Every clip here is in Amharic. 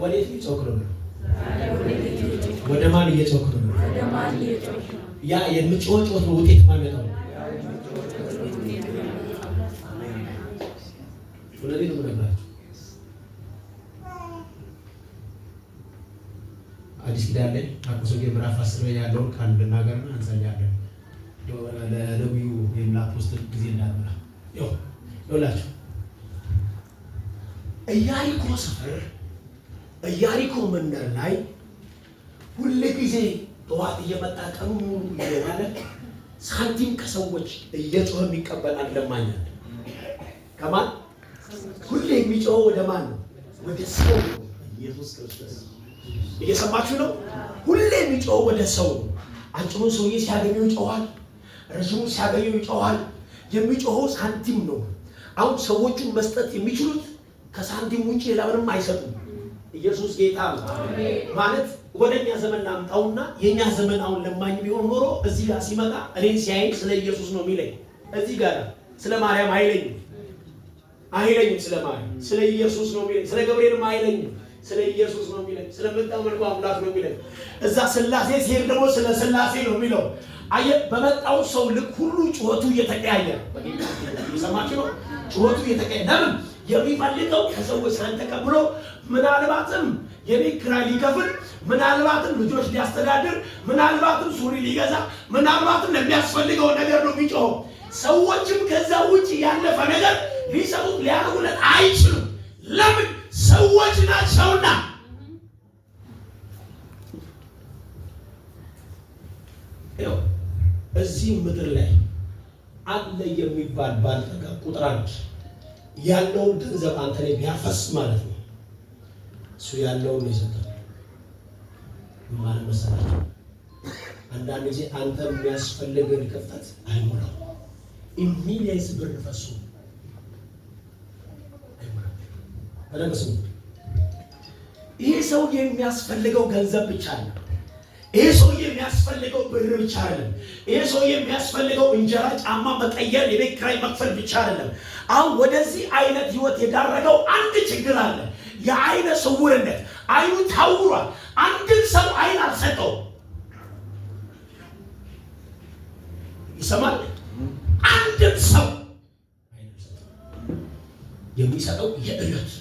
ወዴት እየጮኩ ነው? ወደ ማን ነው? ያ የምጮህ ጮት ነው ውጤት ማለት ነው አዲስ ኪዳን ላይ ማርቆስ ወንጌል ምዕራፍ አስር ላይ ያለውን ከአንድ እናገርና እንጸልያለን። ለነቢዩ ወይም ለአፖስትል ጊዜ እንዳንመራ ይኸውላችሁ እያሪኮ ሰፈር በኢያሪኮ መንደር ላይ ሁል ጊዜ ጠዋት እየመጣ ቀኑ ሙሉ እየዋለ ሳንቲም ከሰዎች እየጮኸ የሚቀበል አለማኝ አለ። ከማን ሁሌ የሚጮኸው ወደ ማን ነው? ወደ ሰው ነው። ኢየሱስ ክርስቶስ እየሰማችሁ ነው። ሁሌ የሚጮኸው ወደ ሰው ነው። አጭሩን ሰውዬ ሲያገኘው ይጮኋል። ረዥሙን ሲያገኘው ይጮኋል። የሚጮኸው ሳንቲም ነው። አሁን ሰዎቹን መስጠት የሚችሉት ከሳንቲም ውጭ ሌላ ምንም አይሰጡም። ኢየሱስ ጌታ ነው ማለት ወደ እኛ ዘመን ናምጣውና የእኛ ዘመን አሁን ለማኝ ቢሆን ኖሮ እዚህ ጋር ሲመጣ እኔን ሲያይ ስለ ኢየሱስ ነው የሚለኝ። እዚህ ጋር ስለ ማርያም አይለኝም አይለኝም። ስለ ማርያም ስለ ኢየሱስ ነው የሚለኝ። ስለ ገብርኤልም አይለኝም ስለ ኢየሱስ ነው የሚለኝ። መልኩ አምላክ ነው የሚለኝ። እዛ ስላሴ ሲሄድ ደግሞ ስለ ስላሴ ነው የሚለው። አየ በመጣው ሰው ልክ ሁሉ ጩኸቱ እየተቀያየ ሰማችሁ ነው። ጩኸቱ እየተቀያየ ለምን የሚፈልገው ከሰዎች ሳንተቀብሎ ምናልባትም የቤት ኪራይ ሊከፍል፣ ምናልባትም ልጆች ሊያስተዳድር፣ ምናልባትም ሱሪ ሊገዛ፣ ምናልባትም ለሚያስፈልገው ነገር ነው የሚጮኸው። ሰዎችም ከዛ ውጭ ያለፈ ነገር ሊሰሙት ሊያደርጉለት አይችሉም። ለምን? ሰዎች ናቸውና። እዚህ ምድር ላይ አለ የሚባል ባለጠጋ ቁጥር አንድ ያለውን ገንዘብ አንተ ላይ ቢያፈስ ማለት ነው እሱ ያለውን ነው የሰጠን። መሰላቸው አንዳንድ ጊዜ አንተ የሚያስፈልግን ክፍተት አይሞላም። ኢሚሊየንስ ብር ፈሱ በደምስ ይህ ሰው የሚያስፈልገው ገንዘብ ብቻ ነው። ይህ ሰው የሚያስፈልገው ብር ብቻ አይደለም። ይህ ሰው የሚያስፈልገው እንጀራ፣ ጫማ መቀየር፣ የቤት ኪራይ መክፈል ብቻ አይደለም። አሁን ወደዚህ አይነት ህይወት የዳረገው አንድ ችግር አለ። የአይነ ስውርነት አይኑ ታውሯል። አንድን ሰው አይን አልሰጠው ይሰማል። አንድን ሰው የሚሰጠው የእለት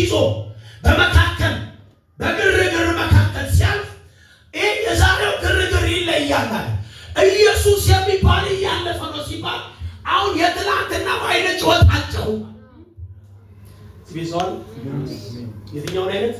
ይዞ በመካከል በግርግር መካከል ሲያልፍ ይህ የዛሬው ግርግር ይለያል። ኢየሱስ የሚባል እያለፈ ነው ሲባል አሁን የትላንትና አይነት ጭወት አልጨው የትኛውን አይነት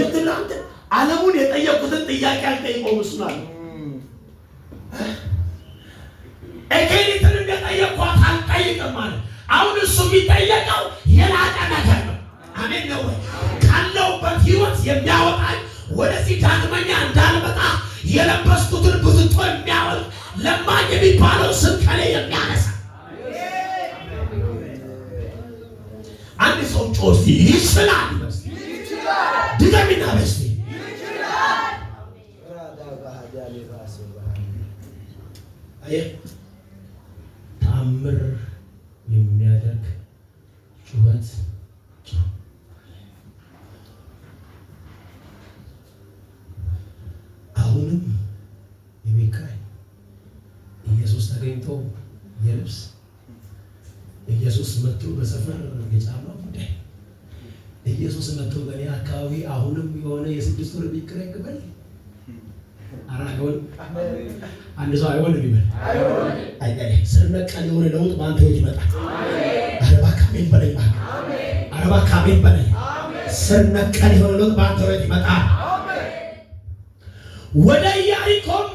የትላንት ዓለሙን የጠየቁትን ጥያቄ አልጠይቀው ምስናል ኤኬሪትን እንደጠየቅኳት አልጠይቅም ማለት አሁን እሱ የሚጠየቀው የላቀ ነገር አሜን ነው ወይ? ካለውበት ህይወት የሚያወጣኝ ወደዚህ ዳግመኛ እንዳልመጣ የለበስኩትን ብዙጦ የሚያወል ለማኝ የሚባለው ስም የሚያነሳ አንድ ሰው ጮሲ ይችላል ድገሚና በስ ተአምር የሚያደርግ ጩኸት የሽቶ የልብስ ኢየሱስ መጥቶ በሰፈር የጫማ ጉዳይ ኢየሱስ መጥቶ በእኔ አካባቢ አሁንም የሆነ የስድስት ወር ቢክር አንድ ሰው ስር ነቀል የሆነ ለውጥ በአንተ ይመጣል። አረባ ካሜን አረባ ካሜን ስር ነቀል የሆነ ለውጥ በአንተ ይመጣል። ወደ ኢያሪኮም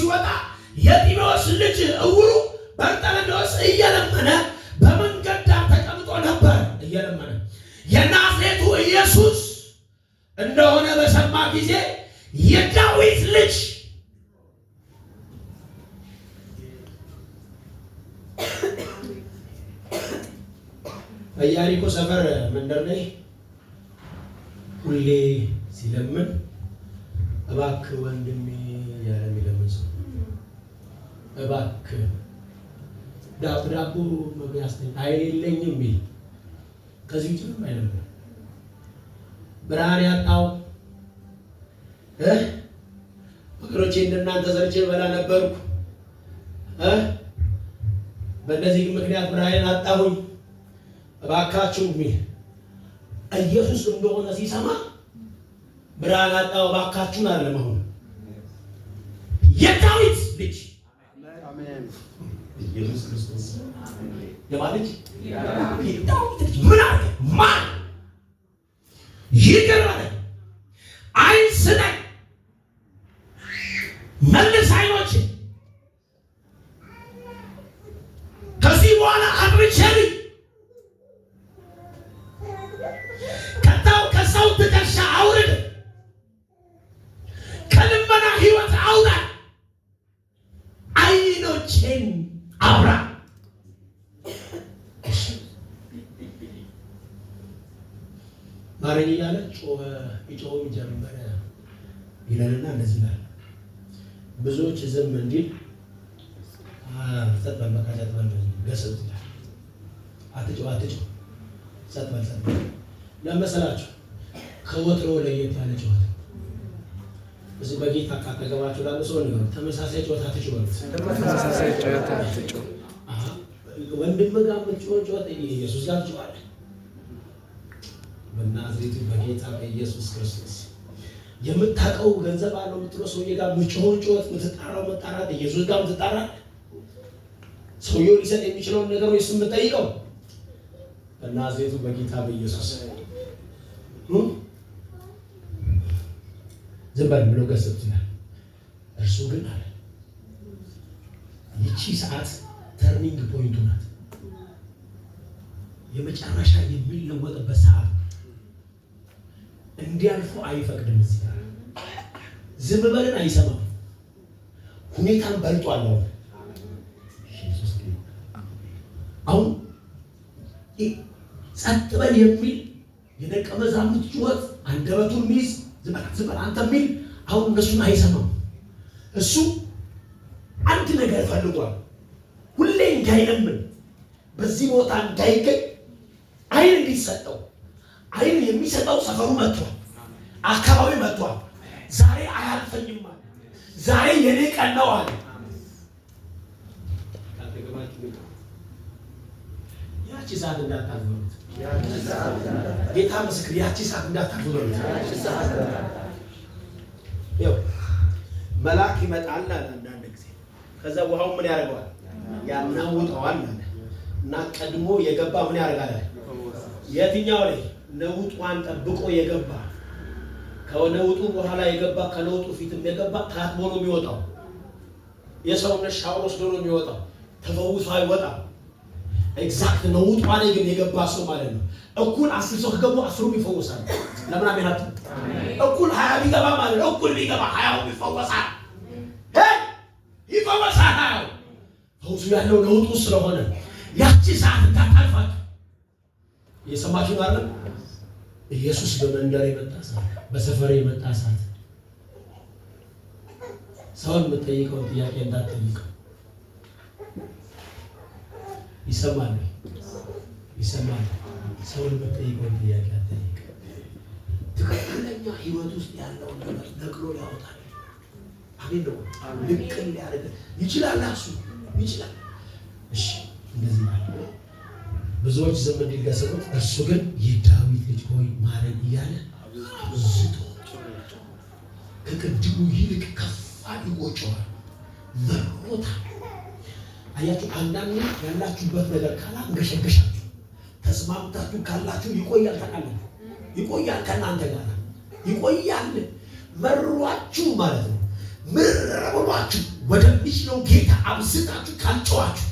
ሲወጣ የጢሜዎስ ልጅ እውሩ በርጠለሚዎስ እየለመነ በመንገድ ዳር ተቀምጦ ነበር። እየለመነ የናዝሬቱ ኢየሱስ እንደሆነ በሰማ ጊዜ የዳዊት ልጅ በኢያሪኮ ሰፈር መንደር ላይ ሁሌ ሲለምን እባክህ ወንድሜ ያለ የሚለምን ሰው እባክህ ዳቦ ዳቦ መግቢያስተኝ አይለኝም ሚል ከዚህ ውጭ ምንም ብርሃን ያጣው ፍቅሮቼ እንደናንተ ሰርቼ በላ ነበርኩ። በእነዚህ ምክንያት ብርሃን አጣሁኝ። እባካችሁ ሚል ኢየሱስ እንደሆነ ሲሰማ ብርሃን አጣው ባካችሁን አይደለም። አሁን የዳዊት ልጅ ኢየሱስ ክርስቶስ የማለች የዳዊት ልጅ ምን አለ ማን ይገርማል። ማረኝ እያለ ጮኸ፣ ይጮህም ጀመረ ይለንና እንደዚህ ይላል። ብዙዎች ዝም እንዲል ጸጥ በል በቃ ጸጥ በል ይላል። አትጮ አትጮ ጸጥ በል ጸጥ ከወትሮ ለየት ያለ ጩኸት እዚ በጌታ ካጠገባችሁ ላሉ ሰው ነው። ተመሳሳይ ጩኸት አትጩኸት። ተመሳሳይ ወንድም ጋር ምትጮህ ጩኸት ኢየሱስ ጋር ጩኸት በናዝሬቱ በጌታ በኢየሱስ ክርስቶስ የምታውቀው ገንዘብ አለው የምትለው ሰውዬ ጋር ምጮሆን ጮት ምትጣራው መጣራት ኢየሱስ ጋር ምትጣራ ሰውየው ሊሰጥ የሚችለውን ወይስ የምጠይቀው በናዝሬቱ በጌታ በኢየሱስ ዝም በል ብሎ እርሱ ግን አለ ይቺ ሰዓት ተርኒንግ ፖይንቱ ናት፣ የመጨረሻ የሚለወጥበት ሰዓት እንዲያልፉ አይፈቅድም። እዚህ ዝም በልን አይሰማም። ሁኔታን በልጧል አሁን ጸጥ በል የሚል የደቀ መዛሙርት ጩኸት አንደበቱን ሚይዝ ዝበላ ዝበላ አንተ የሚል አሁን እነሱን አይሰማም። እሱ አንድ ነገር ፈልጓል። ሁሌ እንዳይለምን በዚህ ቦታ እንዳይገኝ አይን እንዲሰጠው አይን የሚሰጠው ሰፈሩ መጥቷል፣ አካባቢ መጥቷል። ዛሬ አያልፈኝም፣ ዛሬ የኔ ቀን ነው አለ። ያቺ ሰዓት እንዳታዘሉት፣ ጌታ ምስክር፣ ያቺ ሰዓት እንዳታዘሉት። መልአክ ይመጣል አለ አንዳንድ ጊዜ። ከዛ ውሃው ምን ያደርገዋል? ያናውጠዋል አለ እና ቀድሞ የገባ ምን ያደርጋል? የትኛው ላይ ነውጧን ጠብቆ የገባ ከነውጡ በኋላ የገባ ከነውጡ ፊትም የገባ ታጥቦ ነው የሚወጣው። የሰውነት ሻወር ወስዶ ነው የሚወጣው። ተፈውሶ አይወጣም። ኤግዛክት ነውጧ ላይ ግን የገባ ሰው ማለት ነው። እኩል አስር ሰው ከገቡ አስሩም ይፈወሳል። ለምን አሜናት እኩል ሀያ ቢገባ ማለት ነው። እኩል ቢገባ ሀያው ይፈወሳል። ይፈወሳል። ሀያው ፈውሱ ያለው ነውጡ ስለሆነ ያቺ ሰዓት ታጣልፋት እየሰማችሁ ነው አይደል? ኢየሱስ በመንደር የመጣ ሰዓት፣ በሰፈር የመጣ ሰዓት ሰውን የምጠይቀውን ጥያቄ እንዳትጠይቀው። ይሰማል ይሰማል። ሰውን የምጠይቀውን ጥያቄ አትጠይቅ። ትክክለኛ ህይወት ውስጥ ያለውን ነገር ነቅሎ ሊያወጣል። አሜን ነው። ልቅል ሊያደርግ ይችላል። እሱ ይችላል። እሺ እንደዚህ ማለት ብዙዎች ዝም እንዲገሰሉት፣ እርሱ ግን የዳዊት ልጅ ሆይ ማረኝ እያለ አብዝቶ ከቅድሙ ይልቅ ከፍ አድርጎ ጮኸ፣ መሮታ አያችሁ። አንዳንድ ያላችሁበት ነገር ካላንገሸገሻችሁ ተስማምታችሁ ካላችሁ ይቆያል። ታውቃላችሁ፣ ይቆያል ከእናንተ ጋር ይቆያል። መሯችሁ ማለት ነው። ምር ብሏችሁ ወደሚችለው ጌታ አብዝታችሁ ካልጨዋችሁ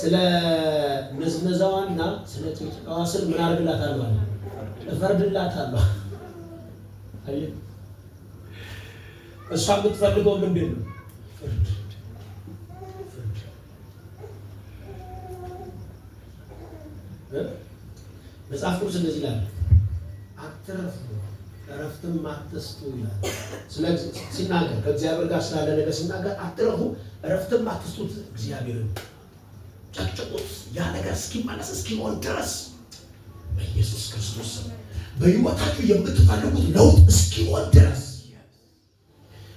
ስለ መዝመዛዋና ስለ ጭቅጭቃዋ ስል ምን አድርግላታለሁ? እፈርድላታለሁ። እሷ የምትፈልገው ምንድን ነው? መጽሐፍ ቅዱስ እንደዚህ ይላል፣ አትረፍ እረፍትም አትስጡ ይላል። ሲናገር ከእግዚአብሔር ጋር ስላለ ነገር ሲናገር አትረፉ እረፍትም አትስጡት እግዚአብሔርን ጨቅጭቁት። ያ ነገር እስኪመለስ እስኪሆን ድረስ በኢየሱስ ክርስቶስ በሕይወታችሁ የምትፈልጉት ለውጥ እስኪሆን ድረስ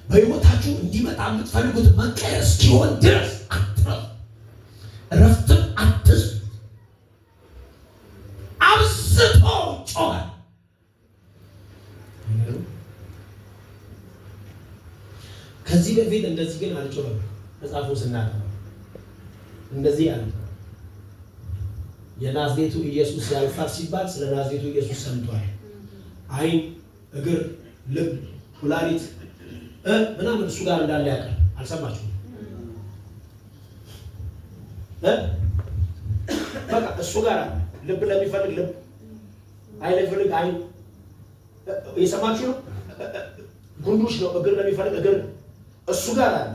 በሕይወታችሁ እንዲመጣ የምትፈልጉት መቀየር እስኪሆን ድረስ አትረፍ፣ እረፍትም አትስጥ። አብዝቶ ጮኸ። ከዚህ በፊት እንደዚህ ግን አልጮኸም። መጽሐፉ ስናለ እንደዚህ አለ፣ የናዝሬቱ ኢየሱስ ያልፋል ሲባል ስለ ናዝሬቱ ኢየሱስ ሰምቷል። አይን እግር፣ ልብ፣ ኩላሊት ምናምን እሱ ጋር እንዳለ ያውቃል። አልሰማችሁም? በቃ እሱ ጋር ልብ ለሚፈልግ ልብ፣ ዓይን ለሚፈልግ ዓይን። የሰማችሁ ነው። ጉንዱሽ ነው። እግር ለሚፈልግ እግር እሱ ጋር አለ።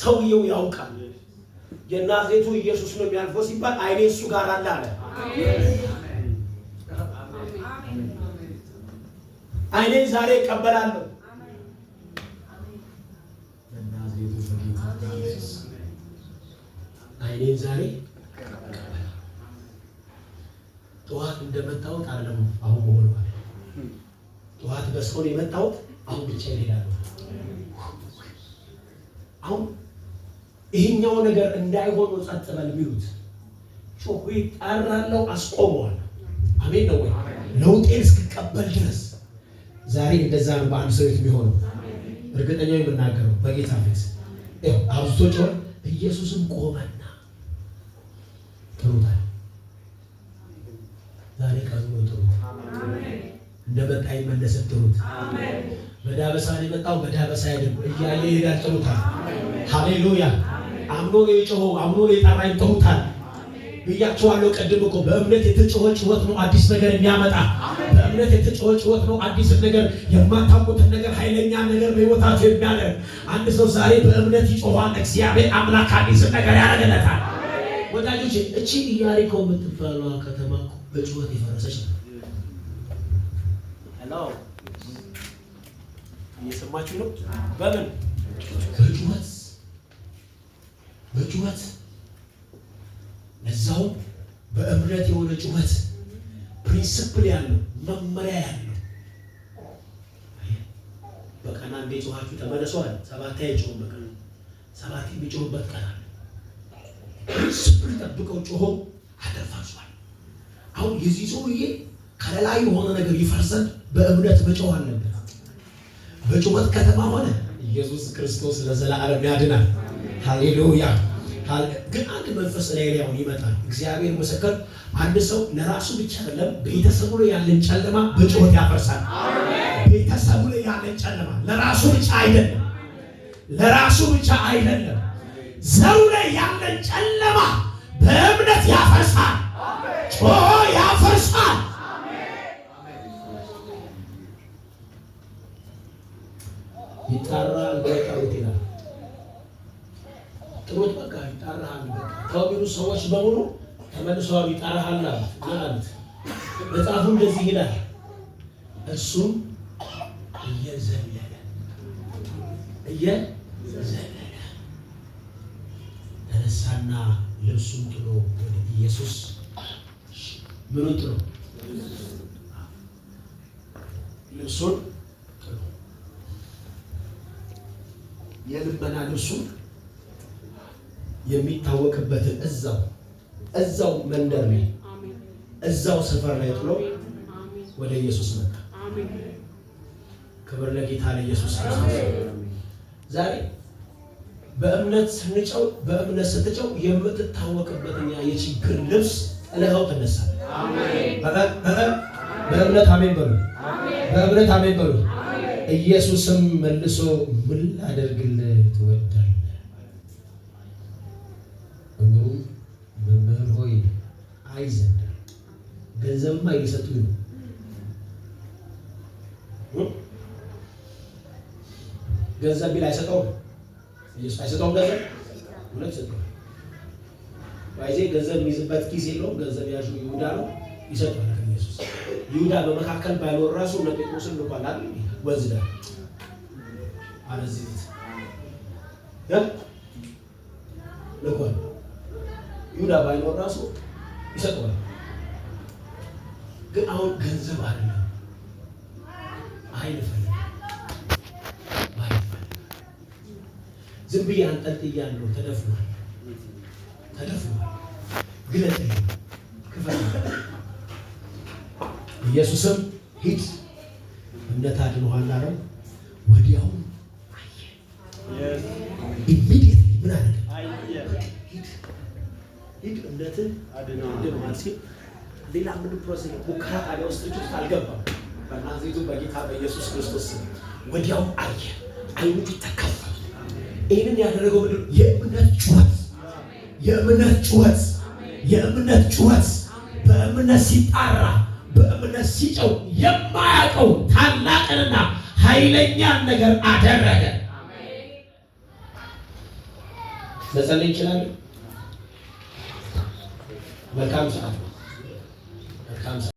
ሰውየው ያውቃል። የናዝሬቱ ኢየሱስ ነው የሚያልፈው ሲባል አይኔ እሱ ጋር አለ አለ። አይኔን ዛሬ ይቀበላለሁ። አይኔን ዛሬ ጠዋት እንደመጣሁት አለሙ አሁን መሆኑ ጠዋት በስሆን የመጣሁት አሁን ብቻ ይሄዳሉ አሁን ይህኛው ነገር እንዳይሆኑ ጸጥ በል የሚሉት ጮሁ ይጣራለው አስቆመዋል። አሜን ነው ወይ? ለውጤን እስክቀበል ድረስ ዛሬ እንደዛ ነው። በአንድ ሰው ቤት የሚሆነው እርግጠኛ የምናገረው በጌታ ፊት አብዝቶ ጮኸ፣ ኢየሱስም ቆመና ጥሩታል። ዛሬ ቀኑ ነው። ጥሩት እንደመጣ ይመለሰ ጥሩት በዳበሳ ነው የመጣው፣ በዳበሳ አይደለም እያለ ይሄዳል። ጥሩታል። ሃሌሉያ አምኖ ነው የጮኸው፣ አምኖ ነው የጠራኝ ተውታል ብያቸዋለሁ። ቀድም እኮ በእምነት የተጮኸ ጩኸት ነው አዲስ ነገር የሚያመጣ። በእምነት የተጮኸ ጩኸት ነው አዲስ ነገር የማታውቁትን ነገር ኃይለኛ ነገር በሕይወታቸው የሚያደርግ አንድ ሰው ዛሬ በእምነት ይጮኋል፣ እግዚአብሔር አምላክ አዲስ ነገር ያደርግለታል። ወዳጆች እቺ ኢያሪኮ የምትባለዋ ከተማ በጩኸት የፈረሰች ነው። እየሰማችሁ ነው። በምን በጩኸት በጩኸት እዛውም በእምነት የሆነ ጩኸት ፕሪንስፕል ያለው መመሪያ ያለው በቀን አንዴ ጮኻችሁ ተመለሱ አለ። ሰባት አይጮሁም በቀን ሰባት የሚጮሁበት ቀን አለ። ፕሪንስፕል ጠብቀው ጮኸው አደርፋችኋል። አሁን የዚህ ሰውዬ ከለላ የሆነ ነገር ይፈርሰን በእምነት መጮህ አለበት። በጩኸት ከተማ ሆነ ኢየሱስ ክርስቶስ ለዘላለም ያድናል። ሃሌሉያ። ግን አንድ መንፈስ ላይ ላይ አሁን ይመጣል። እግዚአብሔር ምስክር፣ አንድ ሰው ለራሱ ብቻ አይደለም፣ ቤተሰቡ ላይ ያለን ጨለማ በጩኸት ያፈርሳል። ቤተሰቡ ላይ ያለን ጨለማ ለራሱ ብቻ አይደለም፣ ለራሱ ብቻ አይደለም፣ ዘሩ ላይ ያለን ጨለማ በእምነት ያፈርሳል፣ ጮሆ ያፈርሳል። ይጠራል፣ ባይቀሩት ይላል ጥሩት በቃ ይጠራሃል። ከሚሉ ሰዎች በሙሉ ተመልሰዋል። ይጠራሃል አሉት። መጽሐፉ እንደዚህ ይላል፣ እሱም እየዘለለ እየዘለለ ተነሳና ልብሱን ጥሎ ወደ ኢየሱስ ምኑ ጥሎ ልብሱን ጥሎ የልበና ልብሱን የሚታወቅበትን እዛው እዛው መንደር ላይ እዛው ሰፈር ላይ ጥሎ ወደ ኢየሱስ መጣ። ክብር ለጌታ ለኢየሱስ ክርስቶስ። ዛሬ በእምነት ስንጨው በእምነት ስትጨው የምትታወቅበትን የችግር ልብስ ጥለኸው ትነሳለህ። በእምነት አሜን በሉ። በእምነት አሜን በሉ። ኢየሱስም መልሶ ምን ላደርግልህ ትወዳለህ በምሩ መምህር ሆይ አይ ዘንድ ገንዘብማ እየሰጡኝ ነው። ገንዘብ ቢል አይሰጠውም፣ ኢየሱስ አይሰጠውም። ገንዘብ ሁለት ሰጠው። ባይዜ ገንዘብ የሚይዝበት ጊዜ የለውም። ገንዘብ ያዥ ይሁዳ ነው፣ ይሰጠዋል ኢየሱስ። ይሁዳ በመካከል ባይኖር ራሱ ለጴጥሮስን ልኳል አይደል? ወንዝ ዳር አለዚህ ልኳል ይሁዳ ባይኖር ራሱ ይሰጠዋል። ግን አሁን ገንዘብ አይደለም፣ ኃይል እፈልጋለሁ። ዝም ብዬ አንጠልጥያለሁ። ተደፍኗል፣ ተደፍኗል። ግለት ክፈል። ኢየሱስም ሂድ እምነት አድኖሃል አለው። ወዲያውም አየ። እምነትህ አድነዋል ሲል ሌላ ምንም ፕሮሰስ ሙከራ ጣቢያ ውስጥ ልጆች አልገባም። በናዝሬቱ በጌታ በኢየሱስ ክርስቶስ ወዲያው አየ፣ አይኖቹ ተከፈቱ። ይህንን ያደረገው ምንድን የእምነት ጩኸት፣ የእምነት ጩኸት፣ የእምነት ጩኸት በእምነት ሲጣራ በእምነት ሲጨው የማያውቀው ታላቅንና ኃይለኛን ነገር አደረገ። መጸለይ ይችላል። መልካም ሰዓት ነው። መልካም